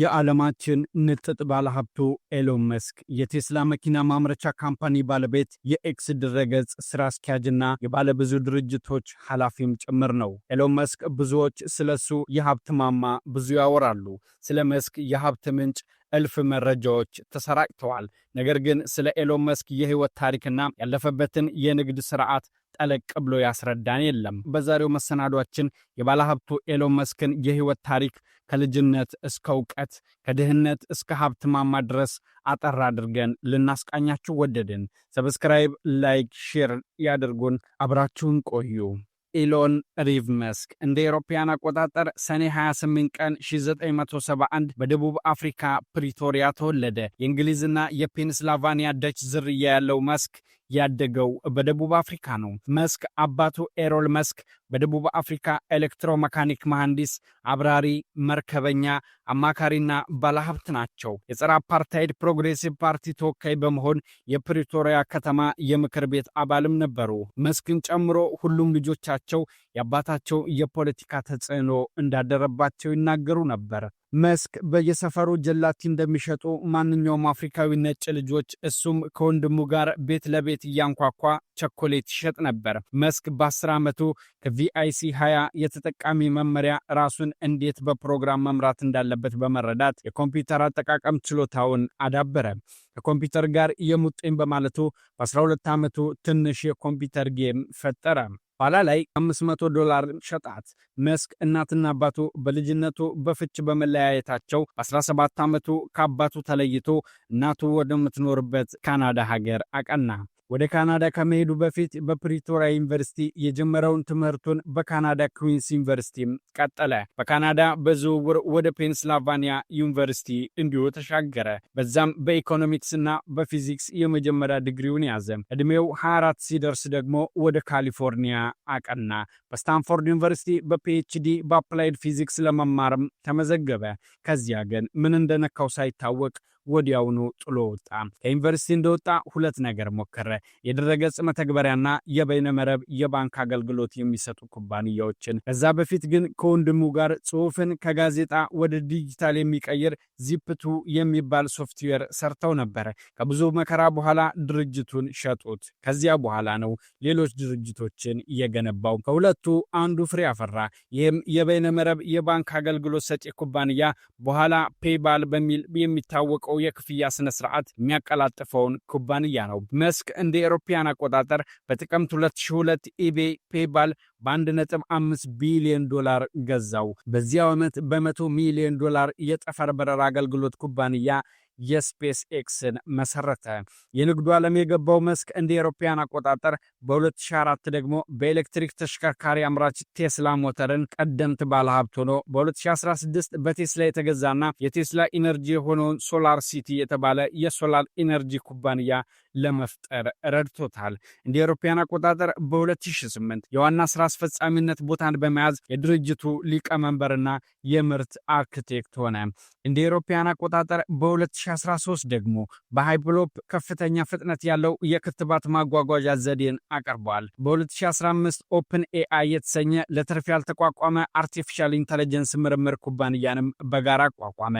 የዓለማችን ንጥጥ ባለሀብቱ ኤሎን መስክ የቴስላ መኪና ማምረቻ ካምፓኒ ባለቤት የኤክስ ድረገጽ ስራ አስኪያጅና የባለብዙ ድርጅቶች ኃላፊም ጭምር ነው። ኤሎን መስክ ብዙዎች ስለ እሱ የሀብት ማማ ብዙ ያወራሉ። ስለ መስክ የሀብት ምንጭ እልፍ መረጃዎች ተሰራጭተዋል። ነገር ግን ስለ ኤሎን መስክ የህይወት ታሪክና ያለፈበትን የንግድ ስርዓት ጠለቅ ብሎ ያስረዳን የለም። በዛሬው መሰናዷችን የባለሀብቱ ኤሎን መስክን የህይወት ታሪክ ከልጅነት እስከ እውቀት ከድህነት እስከ ሀብት ማማ ድረስ አጠር አድርገን ልናስቃኛችሁ ወደድን። ሰብስክራይብ፣ ላይክ፣ ሼር ያድርጉን። አብራችሁን ቆዩ። ኢሎን ሪቭ መስክ እንደ ኤሮፓያን አቆጣጠር ሰኔ 28 ቀን 1971 በደቡብ አፍሪካ ፕሪቶሪያ ተወለደ። የእንግሊዝና የፔንስላቫኒያ ደች ዝርያ ያለው መስክ ያደገው በደቡብ አፍሪካ ነው። መስክ አባቱ ኤሮል መስክ በደቡብ አፍሪካ ኤሌክትሮሜካኒክ መሐንዲስ፣ አብራሪ፣ መርከበኛ፣ አማካሪና ባለሀብት ናቸው። የጸረ አፓርታይድ ፕሮግሬሲቭ ፓርቲ ተወካይ በመሆን የፕሪቶሪያ ከተማ የምክር ቤት አባልም ነበሩ። መስክን ጨምሮ ሁሉም ልጆቻቸው የአባታቸው የፖለቲካ ተጽዕኖ እንዳደረባቸው ይናገሩ ነበር። መስክ በየሰፈሩ ጀላቲ እንደሚሸጡ ማንኛውም አፍሪካዊ ነጭ ልጆች እሱም ከወንድሙ ጋር ቤት ለቤት እያንኳኳ ቸኮሌት ይሸጥ ነበር። መስክ በአስር ዓመቱ የቪአይሲ 20 የተጠቃሚ መመሪያ ራሱን እንዴት በፕሮግራም መምራት እንዳለበት በመረዳት የኮምፒውተር አጠቃቀም ችሎታውን አዳበረ። ከኮምፒውተር ጋር የሙጥኝ በማለቱ በ12 ዓመቱ ትንሽ የኮምፒውተር ጌም ፈጠረ። ኋላ ላይ 500 ዶላር ሸጣት። መስክ እናትና አባቱ በልጅነቱ በፍች በመለያየታቸው በ17 ዓመቱ ከአባቱ ተለይቶ እናቱ ወደምትኖርበት ካናዳ ሀገር አቀና። ወደ ካናዳ ከመሄዱ በፊት በፕሪቶሪያ ዩኒቨርሲቲ የጀመረውን ትምህርቱን በካናዳ ኩዊንስ ዩኒቨርሲቲም ቀጠለ። በካናዳ በዝውውር ወደ ፔንስላቫኒያ ዩኒቨርሲቲ እንዲሁ ተሻገረ። በዛም በኢኮኖሚክስና በፊዚክስ የመጀመሪያ ዲግሪውን ያዘ። ዕድሜው 24 ሲደርስ ደግሞ ወደ ካሊፎርኒያ አቀና። በስታንፎርድ ዩኒቨርሲቲ በፒኤችዲ በአፕላይድ ፊዚክስ ለመማርም ተመዘገበ። ከዚያ ግን ምን እንደነካው ሳይታወቅ ወዲያውኑ ጥሎ ወጣ። ከዩኒቨርሲቲ እንደወጣ ሁለት ነገር ሞከረ። የድረገጽ መተግበሪያና የበይነመረብ የባንክ አገልግሎት የሚሰጡ ኩባንያዎችን። ከዛ በፊት ግን ከወንድሙ ጋር ጽሑፍን ከጋዜጣ ወደ ዲጂታል የሚቀይር ዚፕቱ የሚባል ሶፍትዌር ሰርተው ነበረ። ከብዙ መከራ በኋላ ድርጅቱን ሸጡት። ከዚያ በኋላ ነው ሌሎች ድርጅቶችን የገነባው። ከሁለቱ አንዱ ፍሬ አፈራ። ይህም የበይነመረብ የባንክ አገልግሎት ሰጪ ኩባንያ በኋላ ፔይባል በሚል የሚታወቀው የታወቀው የክፍያ ስነ ስርዓት የሚያቀላጥፈውን ኩባንያ ነው። መስክ እንደ ኤሮፓያን አቆጣጠር በጥቅምት 2002 ኢቤ ፔባል በ1.5 ቢሊዮን ዶላር ገዛው። በዚያው ዓመት በ100 ሚሊዮን ዶላር የጠፈር በረራ አገልግሎት ኩባንያ የስፔስ ኤክስን መሰረተ። የንግዱ ዓለም የገባው መስክ እንደ ኤሮፓያን አቆጣጠር በ2004 ደግሞ በኤሌክትሪክ ተሽከርካሪ አምራች ቴስላ ሞተርን ቀደምት ባለሀብት ሆኖ በ2016 በቴስላ የተገዛና የቴስላ ኢነርጂ የሆነውን ሶላር ሲቲ የተባለ የሶላር ኢነርጂ ኩባንያ ለመፍጠር ረድቶታል። እንደ ኤሮፓያን አቆጣጠር በ2008 የዋና ስራ አስፈጻሚነት ቦታን በመያዝ የድርጅቱ ሊቀመንበርና የምርት አርክቴክት ሆነ። እንደ ኤሮፓያን አቆጣጠር በ20 2013 ደግሞ በሃይብሎፕ ከፍተኛ ፍጥነት ያለው የክትባት ማጓጓዣ ዘዴን አቅርቧል። በ2015 ኦፕን ኤአይ የተሰኘ ለትርፍ ያልተቋቋመ አርቲፊሻል ኢንተለጀንስ ምርምር ኩባንያንም በጋራ አቋቋመ።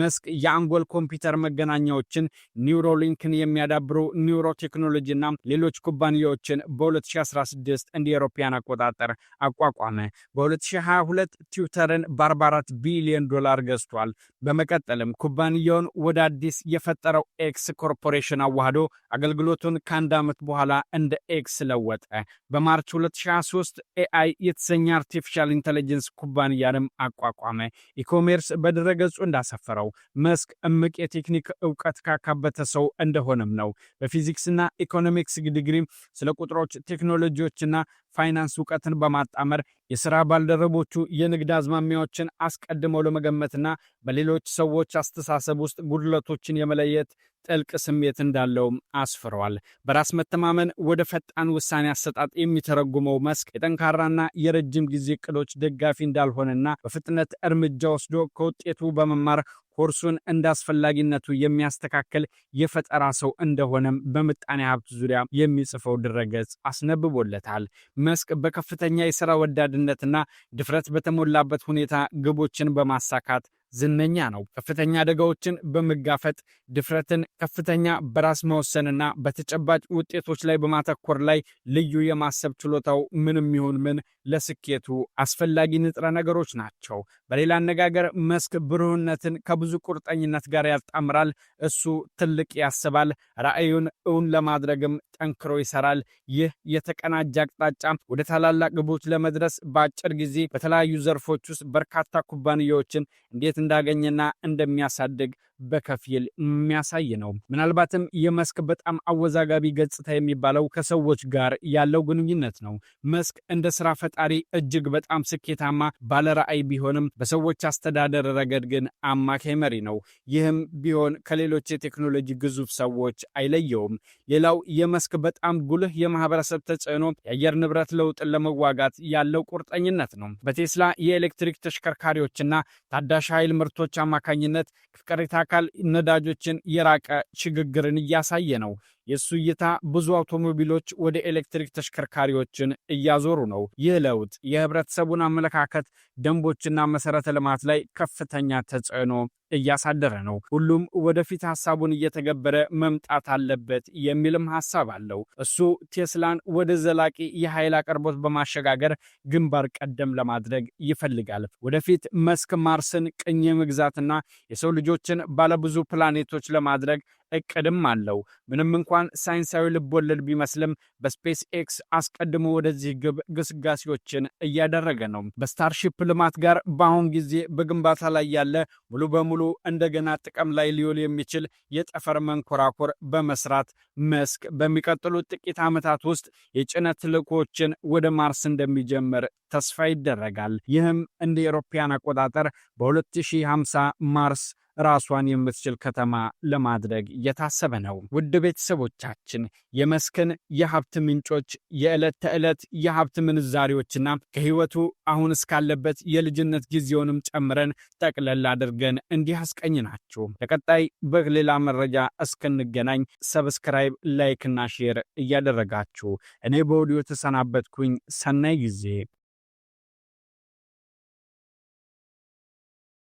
መስክ የአንጎል ኮምፒውተር መገናኛዎችን ኒውሮሊንክን የሚያዳብሩ ኒውሮ ቴክኖሎጂና ሌሎች ኩባንያዎችን በ2016 እንደ አውሮፓውያን አቆጣጠር አቋቋመ። በ2022 ትዊተርን በ44 ቢሊዮን ዶላር ገዝቷል። በመቀጠልም ኩባንያውን ወደ አዳዲስ የፈጠረው ኤክስ ኮርፖሬሽን አዋህዶ አገልግሎቱን ከአንድ ዓመት በኋላ እንደ ኤክስ ለወጠ። በማርች 2023 ኤአይ የተሰኘ አርቲፊሻል ኢንቴሊጀንስ ኩባንያንም አቋቋመ። ኢኮሜርስ በድረገጹ እንዳሰፈረው መስክ እምቅ የቴክኒክ እውቀት ካካበተ ሰው እንደሆነም ነው። በፊዚክስና ኢኮኖሚክስ ዲግሪም ስለ ቁጥሮች ቴክኖሎጂዎችና የፋይናንስ እውቀትን በማጣመር የስራ ባልደረቦቹ የንግድ አዝማሚያዎችን አስቀድመው ለመገመትና በሌሎች ሰዎች አስተሳሰብ ውስጥ ጉድለቶችን የመለየት ጥልቅ ስሜት እንዳለውም አስፍረዋል። በራስ መተማመን ወደ ፈጣን ውሳኔ አሰጣጥ የሚተረጉመው መስክ የጠንካራና የረጅም ጊዜ እቅዶች ደጋፊ እንዳልሆነና በፍጥነት እርምጃ ወስዶ ከውጤቱ በመማር ኮርሱን እንደ አስፈላጊነቱ የሚያስተካከል የፈጠራ ሰው እንደሆነም በምጣኔ ሀብት ዙሪያ የሚጽፈው ድረገጽ አስነብቦለታል። መስክ በከፍተኛ የሥራ ወዳድነትና ድፍረት በተሞላበት ሁኔታ ግቦችን በማሳካት ዝነኛ ነው። ከፍተኛ አደጋዎችን በመጋፈጥ ድፍረትን፣ ከፍተኛ በራስ መወሰንና በተጨባጭ ውጤቶች ላይ በማተኮር ላይ ልዩ የማሰብ ችሎታው ምንም ይሁን ምን ለስኬቱ አስፈላጊ ንጥረ ነገሮች ናቸው። በሌላ አነጋገር መስክ ብሩህነትን ከብዙ ቁርጠኝነት ጋር ያጣምራል። እሱ ትልቅ ያስባል፣ ራዕዩን እውን ለማድረግም ጠንክሮ ይሰራል። ይህ የተቀናጀ አቅጣጫ ወደ ታላላቅ ግቦች ለመድረስ በአጭር ጊዜ በተለያዩ ዘርፎች ውስጥ በርካታ ኩባንያዎችን እንዴት እንዳገኘና እንደሚያሳድግ በከፊል የሚያሳይ ነው። ምናልባትም የመስክ በጣም አወዛጋቢ ገጽታ የሚባለው ከሰዎች ጋር ያለው ግንኙነት ነው። መስክ እንደ ስራ ፈጣሪ እጅግ በጣም ስኬታማ ባለራዕይ ቢሆንም በሰዎች አስተዳደር ረገድ ግን አማካይ መሪ ነው። ይህም ቢሆን ከሌሎች የቴክኖሎጂ ግዙፍ ሰዎች አይለየውም። ሌላው የመስክ በጣም ጉልህ የማህበረሰብ ተጽዕኖ የአየር ንብረት ለውጥን ለመዋጋት ያለው ቁርጠኝነት ነው። በቴስላ የኤሌክትሪክ ተሽከርካሪዎችና ታዳሽ ኃይል ምርቶች አማካኝነት ቅሪታ አካል ነዳጆችን የራቀ ሽግግርን እያሳየ ነው። የእሱ እይታ ብዙ አውቶሞቢሎች ወደ ኤሌክትሪክ ተሽከርካሪዎችን እያዞሩ ነው። ይህ ለውጥ የህብረተሰቡን አመለካከት፣ ደንቦችና መሰረተ ልማት ላይ ከፍተኛ ተጽዕኖ እያሳደረ ነው። ሁሉም ወደፊት ሀሳቡን እየተገበረ መምጣት አለበት የሚልም ሀሳብ አለው። እሱ ቴስላን ወደ ዘላቂ የኃይል አቅርቦት በማሸጋገር ግንባር ቀደም ለማድረግ ይፈልጋል። ወደፊት መስክ ማርስን ቅኝ መግዛትና የሰው ልጆችን ባለብዙ ፕላኔቶች ለማድረግ እቅድም አለው። ምንም እንኳን ሳይንሳዊ ልብወለድ ቢመስልም በስፔስ ኤክስ አስቀድሞ ወደዚህ ግብ ግስጋሴዎችን እያደረገ ነው። በስታርሺፕ ልማት ጋር በአሁን ጊዜ በግንባታ ላይ ያለ ሙሉ በሙሉ እንደገና ጥቅም ላይ ሊውል የሚችል የጠፈር መንኮራኩር በመስራት መስክ በሚቀጥሉት ጥቂት ዓመታት ውስጥ የጭነት ልኮችን ወደ ማርስ እንደሚጀምር ተስፋ ይደረጋል። ይህም እንደ ኤሮፓያን አቆጣጠር በ2050 ማርስ ራሷን የምትችል ከተማ ለማድረግ እየታሰበ ነው። ውድ ቤተሰቦቻችን የመስክን የሀብት ምንጮች፣ የዕለት ተዕለት የሀብት ምንዛሪዎችና ከህይወቱ አሁን እስካለበት የልጅነት ጊዜውንም ጨምረን ጠቅለል አድርገን እንዲህ ናችሁ። ለቀጣይ በሌላ መረጃ እስክንገናኝ ሰብስክራይብ፣ ላይክና ሼር እያደረጋችሁ እኔ በወዲሁ ተሰናበትኩኝ። ሰናይ ጊዜ